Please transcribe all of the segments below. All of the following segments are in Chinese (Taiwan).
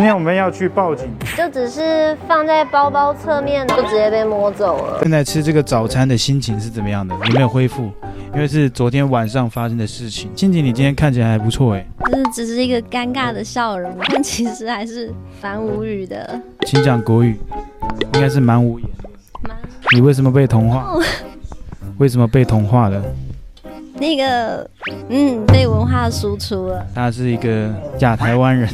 今天我們要去報警，就只是放在包包側面，就直接被摸走了。現在吃這個早餐的心情是怎麼樣的？有沒有恢復？因為是昨天晚上發生的事情。靜靜，你今天看起來還不錯哎。就是、嗯、只是一個尷尬的笑容，但其實還是蠻無語的。請講國語，應該是蠻無言。無語，你為什麼被同化？No 為什麼被同化了？那個，嗯，被文化輸出了。他是一個假台灣人。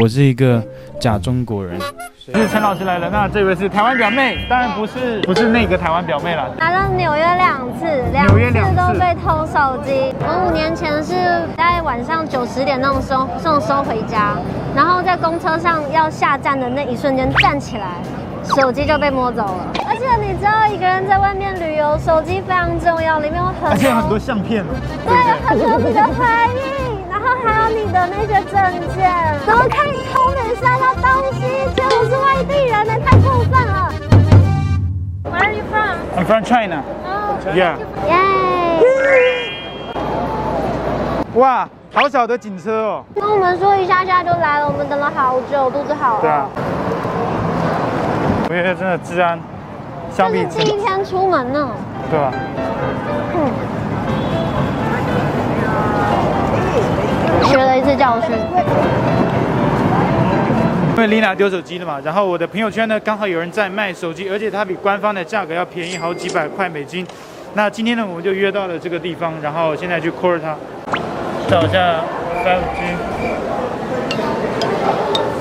我是一個假中國人。是陳老師來了，那這位是台灣表妹，當然不是不是那個台灣表妹了。來到紐約兩次，兩次都被偷手機。我五、嗯、年前是在晚上九十點那種時候送收回家，然後在公車上要下站的那一瞬間站起來，手機就被摸走了。而且你知道一個人在外面旅遊，手機非常重要，裡面很多有很多相片對，對，對，很多比較懷念。然後還有你的那些證件，怎麼可以偷人家東西，這不是外地人呢，太過分了！Where are you from? I'm from China. Yeah. 哇，好小的警車哦！跟我們說一下下就來了，我們等了好久，肚子好餓。對啊。我覺得真的治安，相比第一天出門呢、哦。對啊吧。嗯學了一次教訓，因為 Lina 丟手機了嘛，然後我的朋友圈呢，剛好有人在賣手機，而且它比官方的價格要便宜好幾百塊美金。那今天呢，我們就約到了這個地方，然後現在去 call 他，找一下500。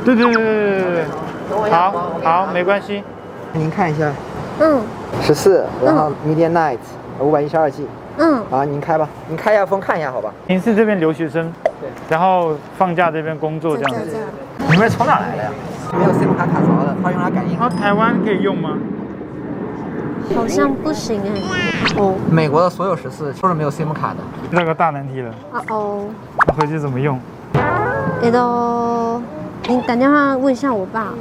對對對對對對，好好，沒關係，您看一下，嗯，十四，然後 Midnight 五百一十二 G，嗯，好，您開吧，您開一下風，看一下好吧。您是這邊留學生，對，然後放假這邊工作這樣子。你們從哪來的呀？沒有 SIM 卡卡槽的，它用來感應。哦，台灣可以用嗎？好像不行哎。哦，美國的所有十四都是沒有 SIM 卡的，遇到個大難題了。啊哦。我回去怎麼用？你都你打電話問一下我爸。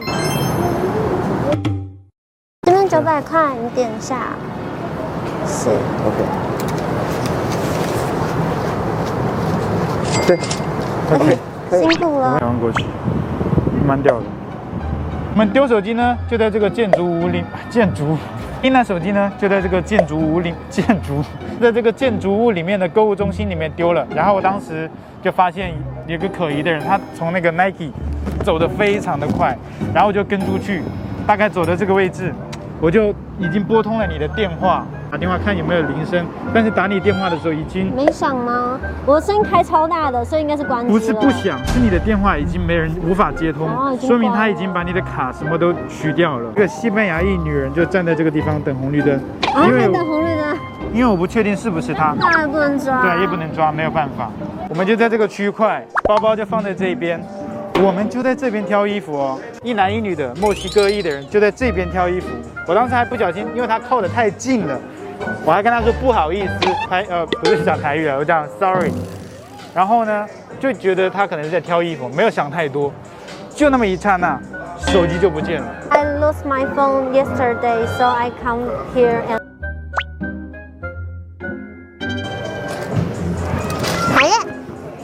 嗯、這邊九百塊，你點一下。是，OK。對，OK。Okay. Okay. 辛苦了。兩萬過去，慢萬掉了。我們丟手機呢，就在這個建築屋裡，建築。那台手機呢，就在這個建築物裡，建築在這個建築物裡面的購物中心裡面丟了。然後我當時就發現有個可疑的人，他從那個 Nike 走得非常的快，然後我就跟出去，大概走到這個位置。我就已經撥通了你的電話，打電話看有沒有鈴聲。但是打你電話的時候已經沒響嗎？我的聲音開超大的，所以應該是關。不是不響，是你的電話已經沒人無法接通，說明他已經把你的卡什麼都取掉了。這個西班牙裔女人就站在這個地方等紅綠燈，啊，因為還等紅綠燈，因為我不確定是不是她，那也不能抓，對，也不能抓，沒有辦法。我們就在這個區塊，包包就放在這邊。嗯我們就在這邊挑衣服哦，一男一女的墨西哥裔的人就在這邊挑衣服。我當時還不小心，因為他靠得太近了，我還跟他說不好意思，台呃不是講台語啊，我講 sorry。然後呢，就覺得他可能是在挑衣服，沒有想太多，就那麼一剎那，手機就不見了。I lost my phone yesterday, so I come here and. Hi ya.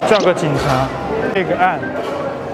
叫個警察，報個案。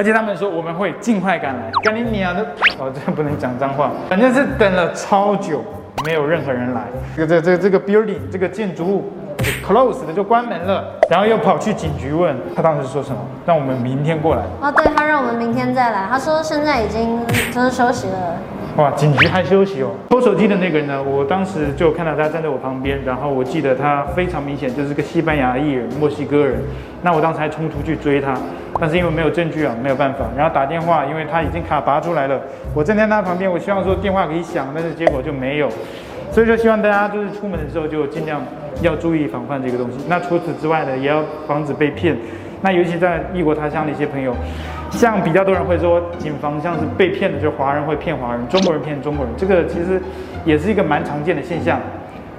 而且他們說我們會盡快趕來，趕緊攆的。哦，這不能講髒話。反正是等了超久，沒有任何人來。這個、這個、個這個 building 這個建築物 close 的就關門了。然後又跑去警局問他當時說什麼，讓我們明天過來。哦，對，他讓我們明天再來。他說現在已經真的休息了。哇，警局還休息哦。偷手機的那個人呢？我當時就看到他站在我旁邊，然後我記得他非常明顯就是個西班牙裔人，墨西哥人。那我當時還衝出去追他。但是因為沒有證據啊，沒有辦法。然後打電話，因為他已經卡拔出來了。我站在他旁邊，我希望說電話可以響，但是結果就沒有。所以說希望大家就是出門的時候就盡量要注意防範這個東西。那除此之外呢，也要防止被騙。那尤其在異國他鄉的一些朋友，像比較多人會說，謹防像是被騙的，就是華人會騙華人，中國人騙中國人，這個其實也是一個蠻常見的現象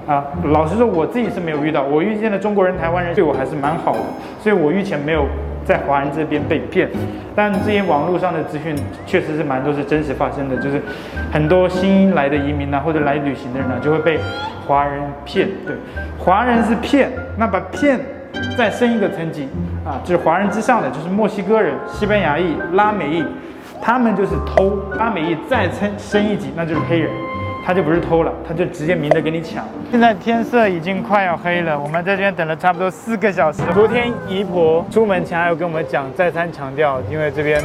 啊。老實說，我自己是沒有遇到，我遇見的中國人、台灣人對我還是蠻好的，所以我目前沒有。在華人這邊被騙，但這些網絡上的資訊確實是蠻多是真實發生的，就是很多新來的移民呢，或者來旅行的人呢，就會被華人騙。對，華人是騙，那把騙再升一個層級啊，就是華人之上的，就是墨西哥人、西班牙裔、拉美裔，他們就是偷。拉美裔再升升一級，那就是黑人。他就不是偷了，他就直接明着跟你搶。現在天色已經快要黑了，我們在這邊等了差不多四個小時。昨天姨婆出門前還有跟我們講，再三強調，因為這邊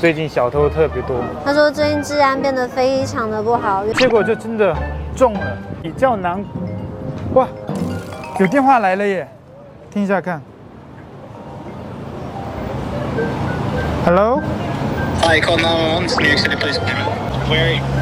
最近小偷特別多。她說最近治安變得非常的不好。結果就真的中了，比較難。哇，有電話來了耶，聽一下看。Hello。Hi, call 911, it's New York City Police coming, where are you?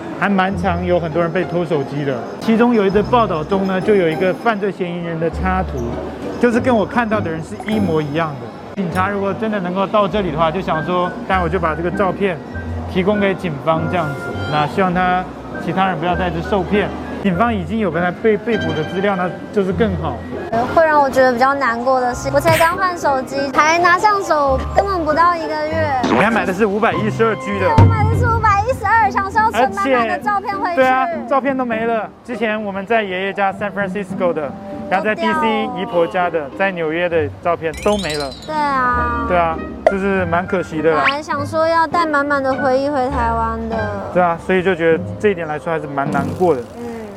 還蠻常有很多人被偷手機的，其中有一則報道中呢，就有一個犯罪嫌疑人的插圖，就是跟我看到的人是一模一樣的。警察如果真的能夠到這裡的話，就想說，待會我就把這個照片提供給警方這樣子，那希望他其他人不要在這受騙。警方已經有跟他被被捕的資料，那就是更好。會讓我覺得比較難過的是，我才剛換手機，還拿上手根本不到一個月。你還買的是五百一十二 G 的。而且，對啊，照片都沒了。之前我們在爺爺家，San Francisco 的，然後、嗯、在 DC 姨婆家的，在紐約的照片都沒了。對啊，對啊，就是蠻可惜的。本來想說要帶滿滿的回憶回台灣的。對啊，所以就覺得這一點來說還是蠻難過的。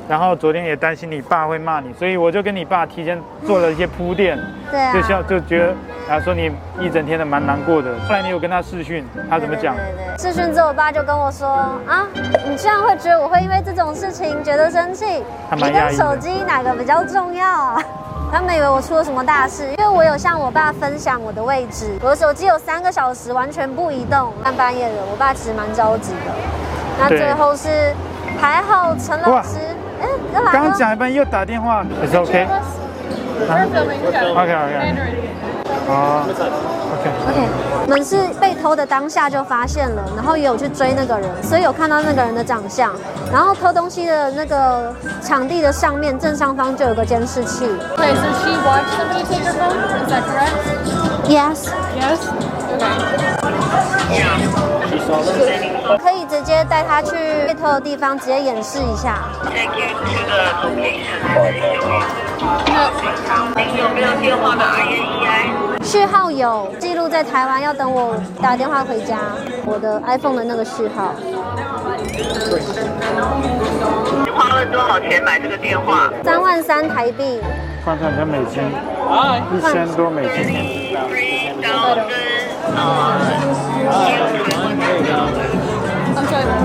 然後昨天也擔心你爸會罵你，所以我就跟你爸提前做了一些鋪墊，嗯、對、啊，就像就覺得，嗯、啊，說你一整天都蠻難過的。後來你有跟他視訊，他怎麼講？視訊，對對對對，之後，我爸就跟我說啊，你居然會覺得我會因為這種事情覺得生氣。他蠻壓抑的，你跟手機哪個比較重要？啊？他們以為我出了什麼大事，因為我有向我爸分享我的位置，我的手機有三個小時完全不移動，但半夜的，我爸其實蠻着急的。那最後是還好陳老師。剛剛講一半又打電話，OK，OK OK，好，OK OK，我們是被偷的當下就發現了，然後也有去追那個人，所以有看到那個人的長相，然後偷東西的那個場地的上面正上方就有個監視器。Yes，Yes，可以。帶他去被偷的地方，直接演示一下。您、okay. okay. 有沒有電話的 IMEI？序號有，記錄在台灣，要等我打電話回家。我的 iPhone 的那個序號。你花了多少錢買這個電話？三萬三台幣。換算成美金，一千多美金。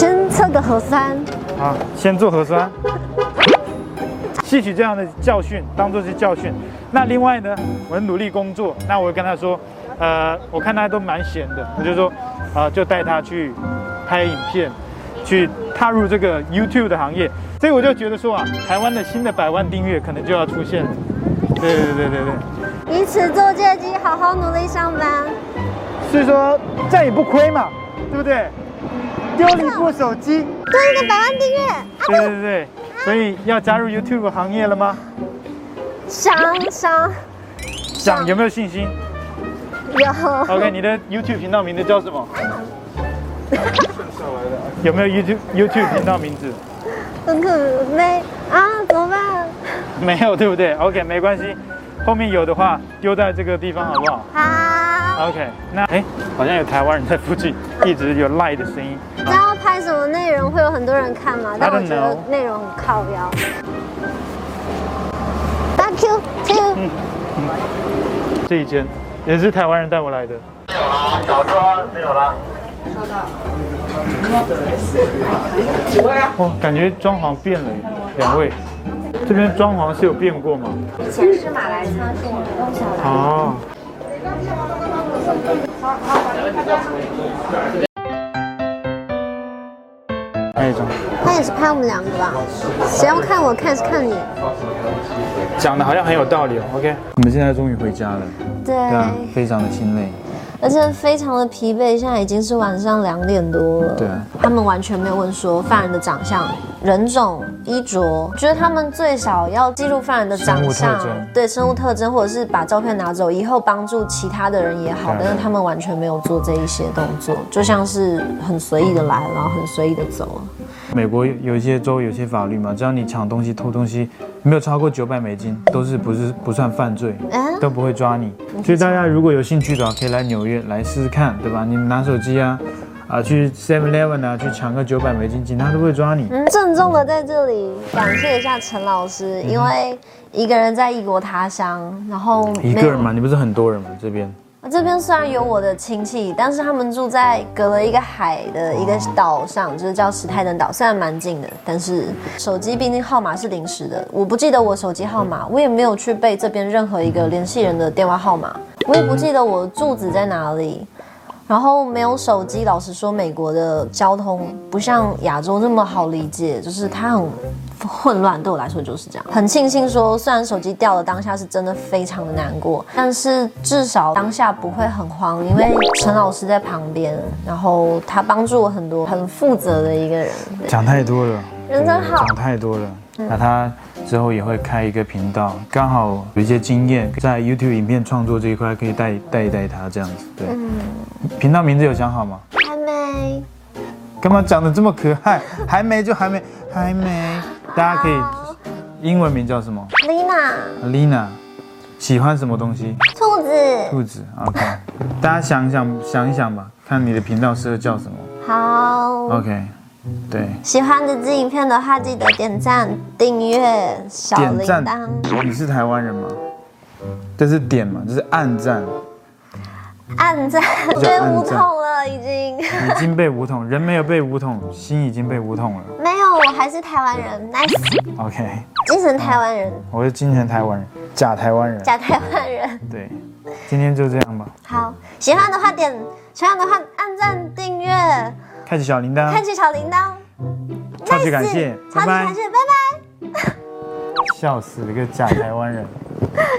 先測個核酸，啊，先做核酸。 吸取這樣的教訓，當做是教訓。那另外呢，我很努力工作。那我跟他說，呃，我看他都蠻閒的，我就說，啊、呃，就帶他去拍影片，去踏入這個 YouTube 的行業。所以我就覺得說啊，台灣的新的百萬訂閱可能就要出現了。對對對對對，以此做借機好好努力上班。所以說，再也不虧嘛，對不對？丟你部手機，多一個百萬訂閱。對對對，所以要加入 YouTube 行業了嗎？想想想，有沒有信心？有。OK，你的 YouTube 頻道名字叫什麼？有沒有 YouTube YouTube 頻道名字？很可悲啊，怎麼辦？沒有，對不對？OK，沒關係，後面有的話丟在這個地方，好不好？好、啊。OK，那哎，好像有台灣人在附近，一直有賴的聲音。那要拍什麼內容會有很多人看嗎？但我覺得內容很靠腰。八 Q u 這一間也是台灣人帶我來的。沒有了，找着了，沒有了，收到。幾位啊？哦，感覺裝潢變了，兩位，這邊裝潢是有變過嗎？以前是馬來餐廳，是我們哦。拜拜拍一張，拍也是拍我們兩個，吧？誰要看我看是看你。講的好像很有道理、哦、，OK。我們現在終於回家了，對,對、啊，非常的心累。嗯而且非常的疲憊，現在已經是晚上兩點多了。對，他們完全沒有問說犯人的長相、人種、衣着，覺得他們最少要記錄犯人的長相，對生物特徵，或者是把照片拿走，以後幫助其他的人也好，對但是他們完全沒有做這一些動作，就像是很隨意的來，然後很隨意的走。美國有一些州有些法律嘛，只要你搶東西、偷東西，沒有超過九百美金，都是不是不算犯罪，都不會抓你。欸所以大家如果有興趣的話，可以來紐約來試試看，對吧？你拿手機啊，啊，去 Seven Eleven 啊，去搶個九百美金，警察都不會抓你。嗯，鄭重的在這裡感謝一下陳老師，因為一個人在異國他鄉，然後一個人嘛，你不是很多人嘛，這邊。我這邊雖然有我的親戚，但是他們住在隔了一個海的一個島上，就是叫史泰登島。雖然蠻近的，但是手機畢竟號碼是臨時的，我不記得我手機號碼，我也沒有去背這邊任何一個聯繫人的電話號碼，我也不記得我的住址在哪裡。然後沒有手機，老實說，美國的交通不像亞洲那麼好理解，就是它很。混亂對我來說就是這樣。很慶幸說，雖然手機掉了，當下是真的非常的難過，但是至少當下不會很慌，因為陳老師在旁邊，然後他幫助我很多，很負責的一個人。講太多了，人真好。講太多了，那、嗯啊、他之後也會開一個頻道，剛好有一些經驗在 YouTube 影片創作這一塊，可以帶帶一帶他這樣子。對，嗯、頻道名字有講好嗎？還沒。幹嘛講得這麼可愛？還沒就還沒，還沒。好大家可以，英文名叫什麼？Lina。Lina，喜歡什麼東西？兔子？兔子。OK。 大家想一想，想一想吧，看你的頻道適合叫什麼？好。OK。對。喜歡這支影片的話，記得點讚、訂閱、小鈴鐺。你是台灣人嗎？這是點嘛？這、就是按讚。按讚讚。我被武統了，已經。已經被武統，人沒有被武統，心已經被武統了。沒。 我、哦、還是台灣人，Nice。OK，精神台灣人、嗯。我是精神台灣人，假台灣人。假台灣人。對，今天就這樣吧。好，喜歡的話點，喜歡的話按讚訂閱，開啟小鈴鐺，開啟小鈴鐺，超級 Nice 感謝，超級感謝，感謝拜拜。拜拜。笑死了個假台灣人。